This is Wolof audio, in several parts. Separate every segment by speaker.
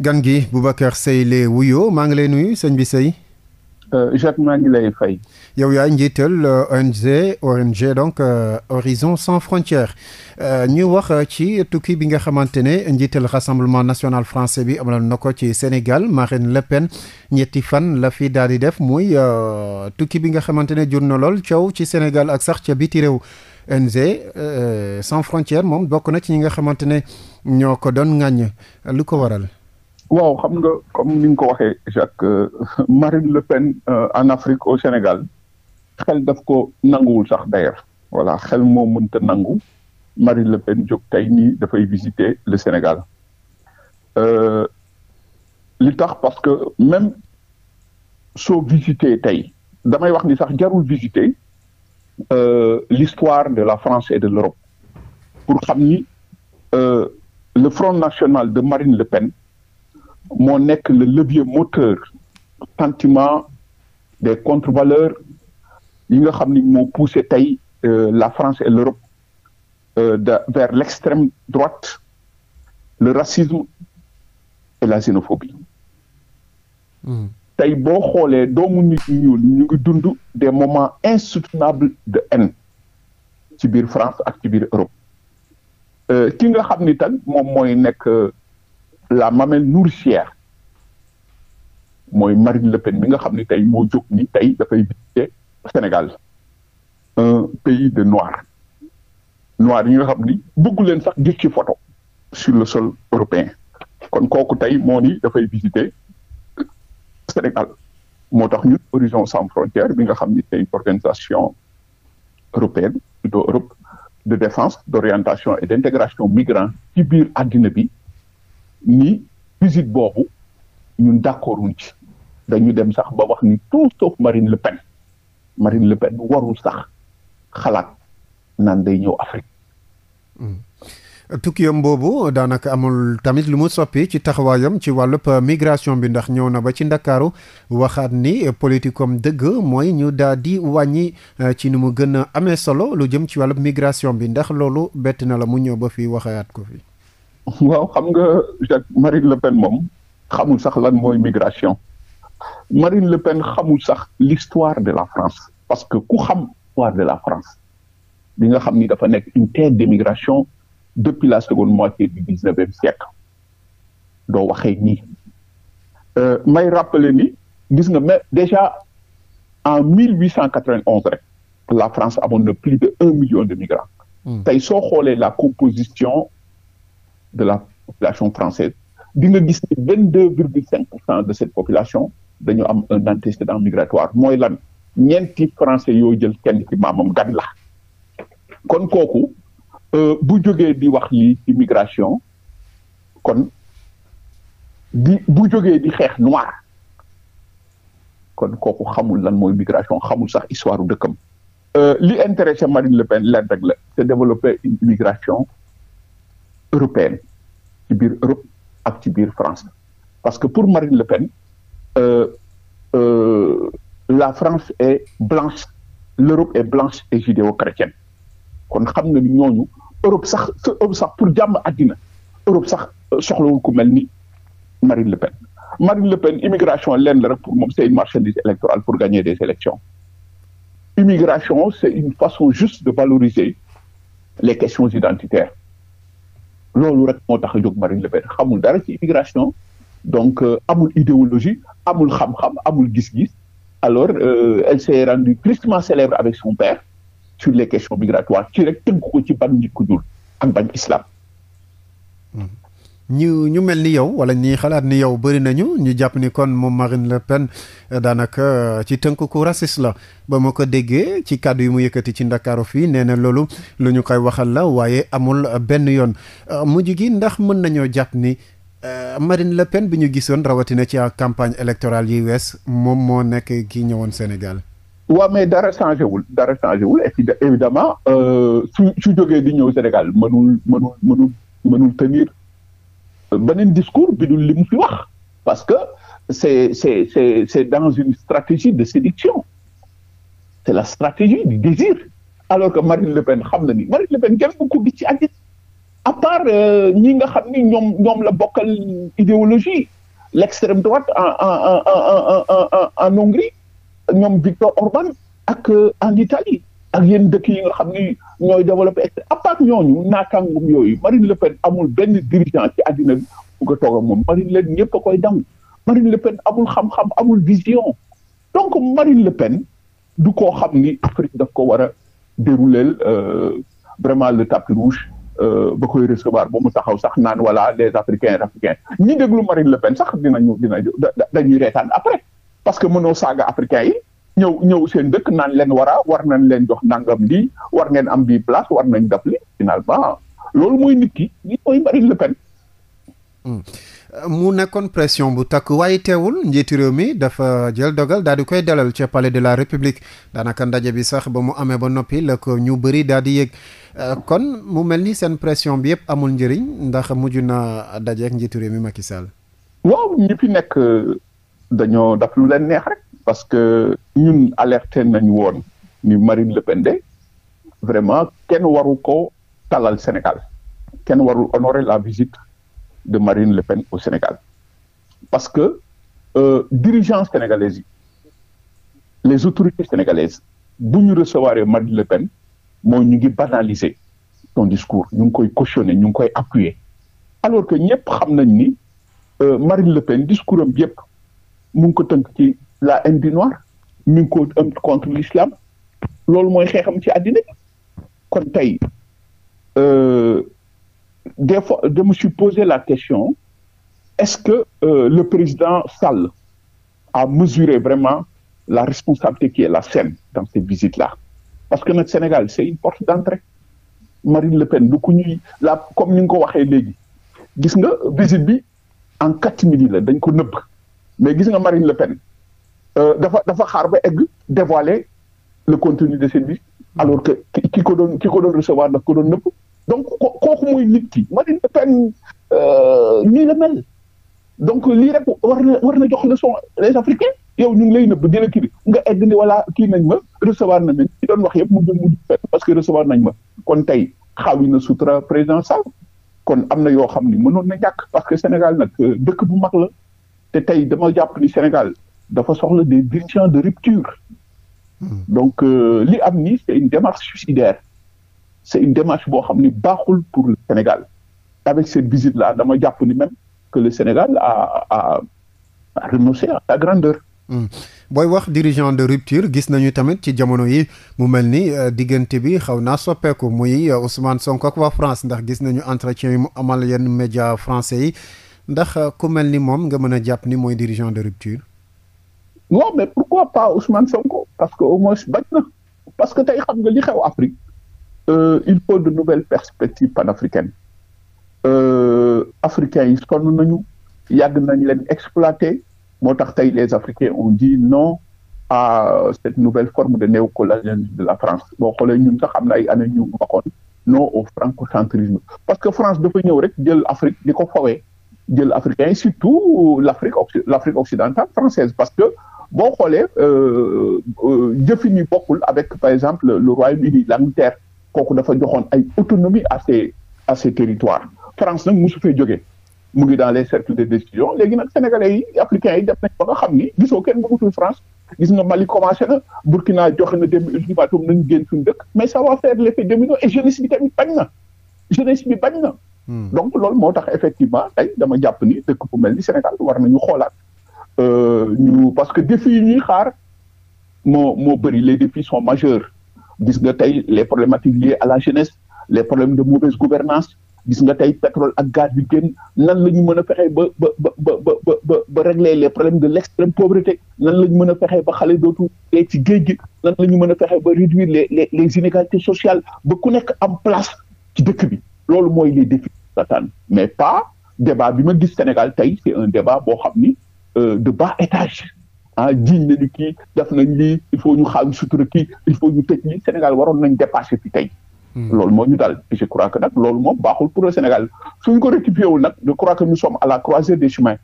Speaker 1: gan gi Boubacar Seye la wuyo maa ngi lay nuyu sëñ bi Seye. Euh,
Speaker 2: Jacques maa ngi lay fay.
Speaker 1: yow yaay njiital euh, ONG ONG donc euh, Horizon Sans Frontières ñu wax ci tukki bi nga xamante ne njiital rassemblement national français bi amaloon na ko ci Sénégal Marine Le Pen ñetti fan la fi daal di def muy tukki bi nga xamante ne jur na lool coow ci Sénégal ak sax ca biti réew. ONG Sans Frontières moom bokk na ci ñi nga xamante ne ñoo ko doon ŋàññ lu ko waral.
Speaker 2: waaw xam nga comme ni nga ko waxee Jacques euh, Marine Le Pen euh, en Afrique au Sénégal xel def ko nanguwul sax d'ailleurs voilà xel moo mënta nangu Marine Le Pen jóg tey nii dafay visiter le Sénégal euh, li tax parce que même soo visiter tey damay wax ni sax jarul visiter l'histoire de la France et de l'Europe pour xam ni le Front national de Marine Le Pen moo nekk le levier moteur sentiment des contre-valeurs yi nga xam ni moo poussé tey euh, la France et l'Europe euh, de vers l'extrême droite le racisme et la xénophobie hmm. tey boo xoolee doomu u ñu ñu ngi dund des moments insoutenables de haine ci biir France ak ci biir Europe euh, ki nga xam ni tan moom mooy nekk la mamelle nourricière mooy Marine Le Pen mi nga xam ne tey moo jóg ni tey dafay visiter Sénégal un pays de noirs noirs yi nga xam ni bëggu leen sax gis ci photo sur le sol européen kon kooku tey moo ni dafay visiter Sénégal moo tax ñun Horizon sans frontières bi nga xam ni c'est une organisation européenne plutôt Europe de défense d'orientation et d'intégration migrants ci biir àddina bi ni visite boobu ñun d'accorduñ ci dañu dem sax ba wax ni tout sauf Marine Le Pen Marine Le Pen warul sax xalaat naan day ñëw Afrique.
Speaker 1: Hmm. tukkiyam boobu daanaka amul tamit lu mu soppi ci taxawaayam ci wàllub migration bi ndax ñëw na ba ci ndakaaru waxaat ni politikom dëgg mooy ñu daal di wàññi eh, ci ni mu gën a amee solo lu jëm ci wàllub migration bi ndax loolu bett na la mu ñëw ba fii waxaat ko fi.
Speaker 2: waaw xam nga Jacques Marine Le Pen moom xamul sax lan mooy migration Marine Le Pen xamul sax l'histoire de la France parce que ku xam histoire de la France di nga xam ni dafa nekk une terre d'émigration depuis la seconde moitié du dix-neuvième siècle doo waxee ni euh, may rappeler ni gis nga mais déjà en mille huit cent quatre-vingt-onze rek la France amoon na plus de un million de migrants hmm. tey soo xoolee la composition de la population française di nga gis ni vingt deux virgule cinq pour de cette population dañu am un antécédent migratoire mooy lan ñeenti français yoo jël kenn ci maamam gan la kon kooku euh, bu jógee di wax lii ci migration kon di bu jógee di xeex noir kon kooku xamul lan mooy migration xamul sax histoire u dëkkam euh, li intéressé Marine Le Pen leen rek la c'est développer une immigration européenne ak ci biir France parce que pour Marine Le Pen euh, euh, la France est blanche l'Europe est blanche et judéo-chrétienne kon xam na ni ñooñu Europe sax Europe sax pour jàmm àddina Europe sax euh, soxlawul ku mel ni Marine Le Pen Marine Le Pen immigration lenn la rek pour moom c'est une marchandise électorale pour gagner des élections immigration c'est une façon juste de valoriser les questions identitaires loolu rek moo tax a jóg Marine Le Pen xamul dara ci immigration donc euh, amul idéologie amul xam-xam amul gis-gis alors euh, elle s'est rendue tristement célèbre avec son père sur les questions migratoires ci rek tënk ko ci ban nit ku ñuul ak ban islam.
Speaker 1: Mm-hmm. ñu ñu mel ni yow wala ñi xalaat ni yow bëri nañu ñu jàpp ni kon moom Marine Le Pen euh, daanaka euh, ci tënk ku raciste la ba ma ko déggee ci kàddu yi mu yëkkati ci ndakaaru fii nee na loolu lu ñu koy waxal la waaye amul euh, benn yoon mu gi ndax mën nañoo jàpp ni Marine Le Pen bi ñu gisoon rawatina ci campagne électorale yi wees moom moo nekk ki ñëwoon Sénégal.
Speaker 2: waaw mais dara changé wul dara changé wul évidemment su su jógee di ñëw Sénégal mënul mënul mënul beneen discours bi du li mu fi wax parce que c'est c'est c'est c'est dans une stratégie de séduction c'est la stratégie du désir alors que Marine Le Pen xam na ni Marine Le Pen kenn bu ko gis ci àddit à part euh, ñi nga xam ni ñoom ñoom la bokkal idéologie l'extrême droite en en en en en en en Hongrie ñoom Victor Orban euh, en Italie ak yenn dëkk yi nga xam ni ñooy développé à part ñooñu naataangoom yooyu Marine Le Pen amul benn dirigeant ci addina bi bu ko toog moom Marine Le Pen ñëpp koy dam Marine Le Pen amul xam-xam amul vision donc Marine Le Pen du koo xam ni Afrique daf ko war a dérouler euh, vraiment le tapis rouge euh, ba koy recevoir ba mu taxaw sax naan wala les africains africains ñi déglu Marine Le Pen sax dinañu dinañu dañuy reetaan après parce que mënoo saaga africain yi ñëw ñëw seen dëkk naan leen war a war nañ leen jox nangam lii war ngeen am bii place war nañ def li ba loolu mooy nit
Speaker 1: hmm. mu nekkoon pression bu takk waaye teewul njiitu réew mi dafa jël dogal daal koy dalal ca de la république daanaka ndaje bi sax ba mu amee ba noppi la ko ñu bëri daal di yëg euh, kon mu mel ni seen pression bi yëpp amul njëriñ ndax mujj na dajeek njiitu réew mi Macky Sall.
Speaker 2: waaw ñi fi nekk dañoo daf lu leen neex rek. parce que ñun alerté nañu woon ni Marine Le Pen de vraiment kenn waru ko talal Sénégal kenn warul honorer la visite de Marine Le Pen au Sénégal parce que euh, dirigeants sénégalais yi les autorités sénégalaises bu ñu recevoir Marine Le Pen mooy ñu ngi banaliser son discours ñu ngi koy cautionner ñu ngi koy appuyer alors que ñëpp xam nañ ni euh, Marine Le Pen discours am yëpp mu ngi ko tënk ci la haine du noir mi ngi ko am contre l'islam loolu mooy xeexam ci àddina kon tey euh, des fois de me suis la question est-ce que euh, le président Sall a mesuré vraiment la responsabilité qui est la sienne dans cette visite-là parce que nag Sénégal c'est une porte d'entrée Marine Le Pen du ku ñuy la comme ni nga ko waxee léegi gis nga visite bi en quatre catimini la dañ ko nëbb mais gis nga Marine Le Pen Euh, dafa dafa xaar ba egg dévoiler le contenu de seen liste alors que ki ko doon ki ko doon recevoir daf ko doon nëpp donc kooku mooy ni ki Marine Le euh, Pen la mel donc lii rek war na war na jox leçon les africains yow ñu ngi lay nëbb dina kii nga egg ni wala kii nañ ma recevoir nañ ma ci doon wax yëpp mu jëm mu parce que recevoir nañ ma kon tey xaawi na sutura président Sall kon am na yoo xam ni mënoon na ñàkk parce que Sénégal nag euh, dëkk bu mag la te tey dama jàpp ni Sénégal dafa soxla des dirigeants de rupture hmm. donc euh, li am ni c'est une démarche suicidaire c'est une démarche boo xam ni baaxul pour le Sénégal avec cette visite là dama jàpp ni même que le Sénégal a a a à sa
Speaker 1: grandeur hmm. booy wax dirigeant de rupture gis nañu tamit ci jamono yi mu mel ni euh, diggante bi xaw naa soppeeku muy euh, Ousmane Sonko ak waa France ndax gis nañu entretien yi mu amal yenn média français yi ndax ku mel ni moom nga mën a jàpp ni mooy dirigeant de rupture
Speaker 2: non mais pourquoi pas Ousmane Sonko parce que au mois bañ na parce que tey xam nga li xew Afrique euh, il faut de nouvelles perspectives panafricaines euh, africains yi sonn nañu yàgg nañ leen exploiter moo tax tey les africains ont dit non à cette nouvelle forme de néocolonialisme de la France boo xoolee ñu sax am na ay années ñu waxoon non au francocentrisme parce que France dafa ñëw rek jël Afrique di ko fawee jël africain surtout l'Afrique l'Afrique occidentale française parce que boo xoolee euh, euh, jëfin yi bokkul avec par exemple le Royaume-Uni l'Angleterre kooku dafa joxoon ay autonomie à ces à ces territoires France nag mosu fee jógee mu ngi dans les cercles de décision léegi nag sénégalais yi africains yi def nañ ba nga xam ni gisoo kenn bëggatul France gis nga Mali commencé na Burkina joxe na dem ultimatum nañ génn suñu dëkk mais ça va faire l'effet domino et jeunesse bi tamit bañ na jeunesse bi bañ na hmm. donc loolu moo tax effectivement tey dama jàpp ni dëkk bu mel Sénégal war nañu xoolaat Euh, ñu parce que défi yi nuy xaar moo moo bëri les défis sont majeurs gis nga tey les problématiques liées à la jeunesse les problèmes de mauvaise gouvernance gis nga tey pétrole ak gaz bi génn nan la ñu mën a fexee ba ba ba ba ba ba régler les problèmes de l' extrême pauvreté nan la ñu mën a fexee ba xale dootu dee ci géej gi nan la ñu mën a fexee ba réduire les les les inégalités sociales ba ku nekk am place ci dëkk bi loolu mooy les défis satan mais pas débat bi ma gis Sénégal tey c' boo xam ni Euh, de bas étage ah jiñ nañu kii def nañ lii il faut ñu xaam sutura kii il faut ñu tëj Sénégal waroon nañ dépassé fi tey. Hmm. loolu moo ñu daal je crois que nag loolu moom baaxul pour le Sénégal suñ ko rectifié wul nag je crois à la croisée des chemins.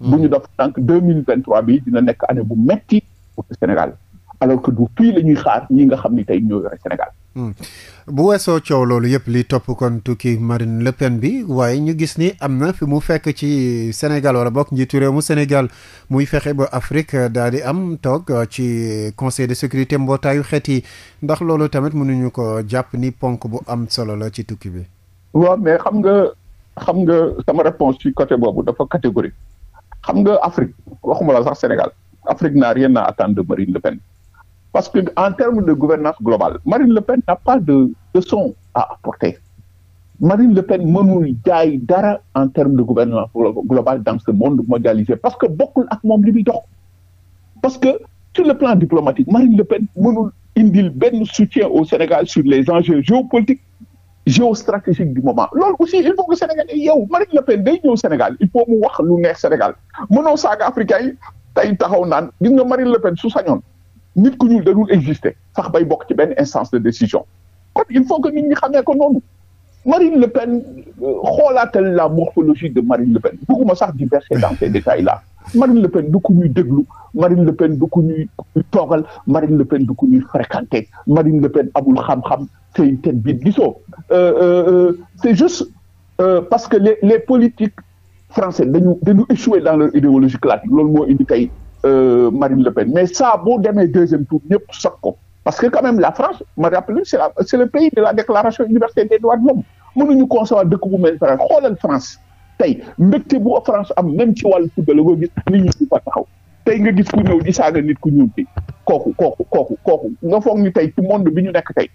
Speaker 2: Hmm. bu ñu def tànk deux mille vingt trois bi dina nekk année bu metti pour Sénégal. alors que du prix la ñuy xaar ñi nga xam ni tey ñoo yore Sénégal.
Speaker 1: Hmm. bu weesoo coow loolu yëpp li topp kon tukki Marine Le Pen bi waaye ñu gis ni am na fi mu fekk ci Sénégal wala bokk njiitu réew mu senegal muy fexe ba Afrique daal di am toog ci conseil de sécurité mbootaayu xeet yi ndax loolu tamit mënuñu ko jàpp ni ponk bu am solo la ci tukki bi.
Speaker 2: waaw mais xam nga xam nga sama réponse ci côté boobu dafa catégorie xam nga Afrique waxuma la sax Sénégal Afrique n'a rien à attendre de Marine Le Parce que en termes de gouvernance globale, Marine Le Pen n'a pas de leçon à apporter. Marine Le Pen mënul jaay dara en termes de gouvernance globale dans ce monde mondialisé parce que bokkul ak moom li muy dox parce que sur le plan diplomatique Marine Le Pen mënul indil benn soutien au Sénégal sur les enjeux géopolitiques géostratégiques du moment loolu aussi il faut que Sénégal yow Marine Le Pen day ñëw Sénégal il faut mu wax lu neex Sénégal mënoo taxaw naan gis nga Marine Le Pen su sañoon nit ku ñuul dadul exister sax bay bokk ci benn instance de décision kon il faut que nit ñi xamee ko noonu Marine Le Pen euh, xoolaatal la morphologie de Marine Le Pen bëgguma sax di verser dans ces détails là Marine Le Pen du ku ñuy déglu Marine Le Pen du ku ñuy toogal Marine Le Pen du ku ñuy fréquenter Marine Le Pen amul xam-xam c'est une tête vide gisoo euh, euh, c'est juste euh, parce que les les politiques français dañu dañu échoué dans leur idéologie classique loolu indi tey Euh, Marine Le Pen mais ça boo demee deuxième tour ñëpp sog ko parce que quand la France ma rappelé c'est la c'est le pays de la déclaration universelle des droits de l'homme mënuñu concevoir dëkk bu mel France xoolal France tey mbégte bu France am même ci wàllu la nga gis nit ñi fa taxaw tey nga gis ku ñëw di saaga nit ku ñuul kooku kooku kooku kooku nga foog ni tey ci monde bi ñu nekk tey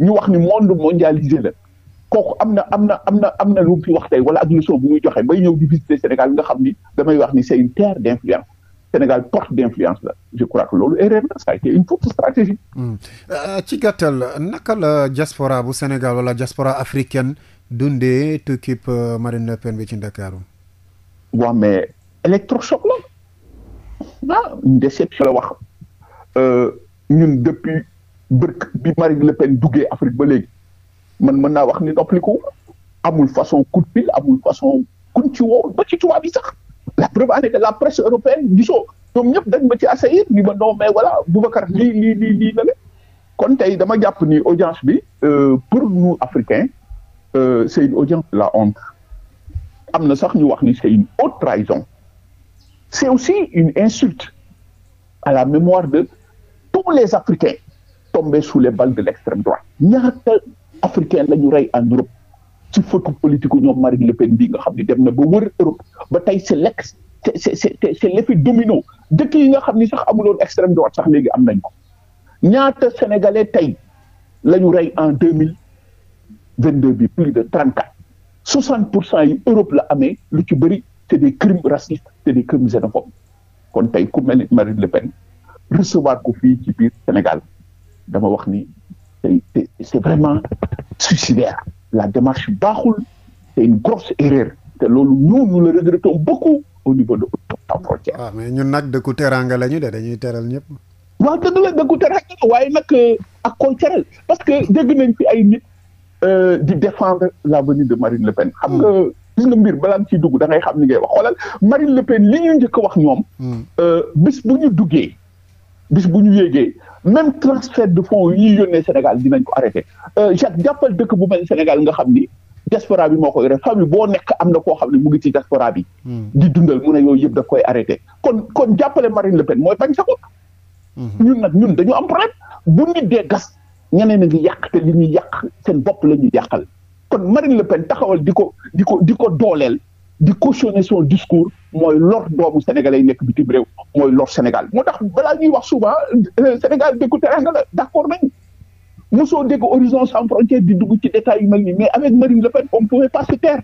Speaker 2: ñu wax ni monde mondialisé la kooku am na am na am na am na lu mu fi wax tey wala ak leçon bu muy joxe bay ñëw di visiter Sénégal nga xam ni damay wax ni c'est une terre Sénégal porte d'influence la je crois que loolu erreur la ça a été une
Speaker 1: hmm. euh, ci gàttal naka la diaspora bu Sénégal wala diaspora africaine dundee tukkib euh, Marine Le Pen bi ci Ndakaaru.
Speaker 2: waaw mais électrochoc la ah une la wax euh, ñun depuis bërk bi Marine Le Pen duggee Afrique ba léegi man mën naa wax ni noppaliku amul façon coup de amul façon kuñ ci woo ba ci tubaab yi sax. la preuve en est que la presse européenne gisoo ñoom ñëpp dañ ma ci assaillir ni ma non mais voilà Boubacar lii lii lii lii la kon tey dama jàpp ni audience bi euh, pour nous africains euh, c'est une audience de la honte am na sax ñu wax ni c'est une haute trahison c'est aussi une insulte à la mémoire de tous les Africains tombés sous les balles de l'extrême droite ñaata Africains la ñu rey en Europe ci photo politique ñoom Marine Le Pen bii nga xam ne dem na ba wër Europe ba tey c'est l'ex c'est c'est domino dëkk yi nga xam ni sax amuloon extrême droite sax léegi am nañ ko ñaata sénégalais tey lañu rey en deux mille vingt deux bi plus de trente quatre soixante pour cent yi Europe la amee lu ci bëri c'est des crimes racistes c'est des crimes xénophobes kon tey ku mel ni Marine Le Pen recevoir ko fii ci biir Sénégal dama wax ni c'est c'est vraiment suicidaire la démarche baaxul c'est une grosse erreur te loolu ñoo ñu la regrettons beaucoup au niveau de
Speaker 1: la frontière. waaw ah, mais ñun nag dëkku teraanga la ñu de dañuy teral ñëpp.
Speaker 2: waa dëgg la dëkku teraanga waaye nag euh, ak koy teral parce que dégg nañ fi ay nit euh, di défendre l'avenue de Marine Le Pen. xam nga hmm. gis nga mbir balaa nga ciy dugg da ngay xam ni ngay wax xoolal Marine Le Pen li ñu njëkk wax ñoom. Hmm. Euh, bis bu ñu duggee. bis bu ñu yéegee même transfert de fonds yi yónnee Sénégal dinañ ko arrêté euh, Jacques jàppal dëkk bu mel Sénégal nga xam ni diaspora bi moo koy def famille boo nekk am na koo xam ne mu ngi ci diaspora bi. Hmm. di dundal mu ne yooyu yëpp daf koy arrêté kon kon jàppale Marine Le Pen mooy bañ sa bopp. Hmm. ñun nag ñun dañu am problème bu nit dee gas ñeneen a ngi yàq te li ñuy yàq seen bopp la ñuy yàqal kon Marine Le Pen taxawal di ko di ko di ko dooleel. di cautionner son discours mooy lor doomu sénégalais yi nekk bitim réew mooy lor Sénégal moo tax balaa ñuy wax souvent euh, Sénégal dëkku teranga la d' accord nañ mosoo dégg horizon sans frontière di dugg ci détails yu mel nii mais avec Marine Le Pen on pouvait pas se taire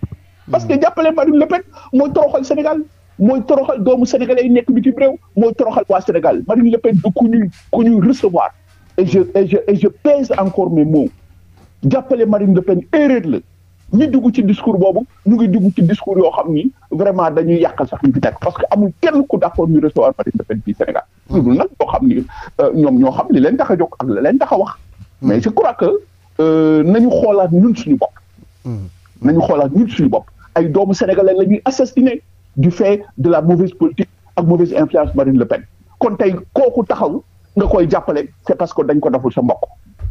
Speaker 2: parce que jàppale Marine Le Pen mooy toroxal Sénégal mooy toroxal doomu sénégalais yi nekk bitim réew mooy toroxal waa Sénégal Marine Le Pen du ku ñuy ku ñuy recevoir et je et je et je pèse encore mes mots jàppale Marine Le Pen erreur la ñu dugg ci discours boobu ñu ngi dugg ci discours yoo xam ni vraiment dañuy yàqal sax ñu fi nekk parce que amul kenn ku d'accord ñu recevoir Marine Le Pen fii Sénégal hmm. lu dul nag ñoo xam ni euh, ñoom ñoo xam li leen tax a jóg ak la leen tax a wax hmm. mais je crois que euh, nañu xoolaat ñun suñu bopp hmm. nañu xoolaat ñun suñu bopp ay doomu sénégalais la ñuy assassiné du fait de la mauvaise politique ak mauvaise influence Marine Le Pen kon tey kooku taxawu nga koy jàppale c'est parce dañ ko deful sa mbokk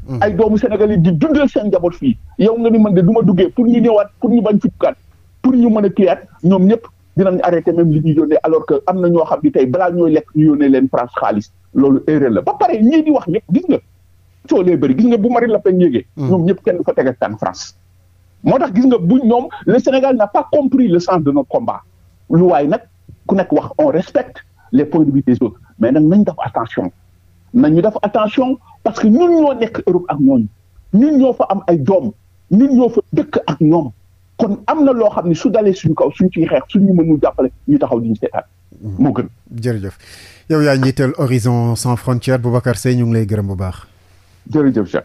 Speaker 2: Mm-hmm. ay doomu Sénégal yi di dundal seen njaboot fii yow nga ni man de du duggee pour ñu ñëwaat pour ñu bañ fukkaat pour ñu mën a kiyaat ñoom ñëpp dinañ arrêté même li ñu yónnee alors que am na ñoo xam ni tey balaa ñooy lekk ñu yónnee leen France xaalis loolu erreur la ba pare ñii di wax ñëpp gis nga soo lee bëri gis nga bu Marine Le Pen yéegee mm. ñoom ñëpp kenn du fa teg tànn France moo tax gis nga bu ñoom le Sénégal n'a pas compris le sens de notre combat lu waaye ku nekk wax on respecte les points de mais nag nañ def attention nañu def attention parce que ñun ñoo nekk Europe ak ñooñu ñun ñoo fa am ay doom ñun ñoo fa dëkk ak ñoom kon am na loo xam ne su dalee suñu kaw suñ ciy xeex suñu mënul jàppale ñu taxaw di ñu seetaan mm-hmm.
Speaker 1: moo gën. jërëjëf yow yaa njiital Horizon sans frontières Boubacar Seye ñu ngi lay gërëm bu baax.
Speaker 2: jërëjëf Jacques.